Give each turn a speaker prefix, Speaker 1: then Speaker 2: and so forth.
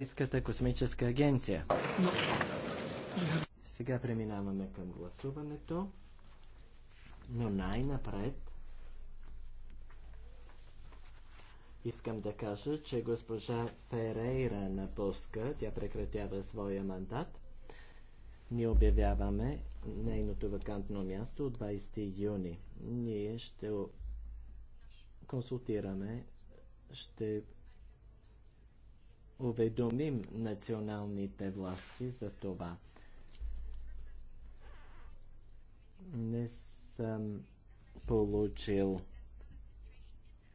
Speaker 1: Европейската космическа агенция. Сега преминаваме към гласуването, но най-напред искам да кажа, че госпожа Ферейра на Боска, тя прекратява своя мандат. Ние обявяваме нейното вакантно място от 20 юни. Ние ще консултираме, ще уведомим националните власти за това.
Speaker 2: Не съм получил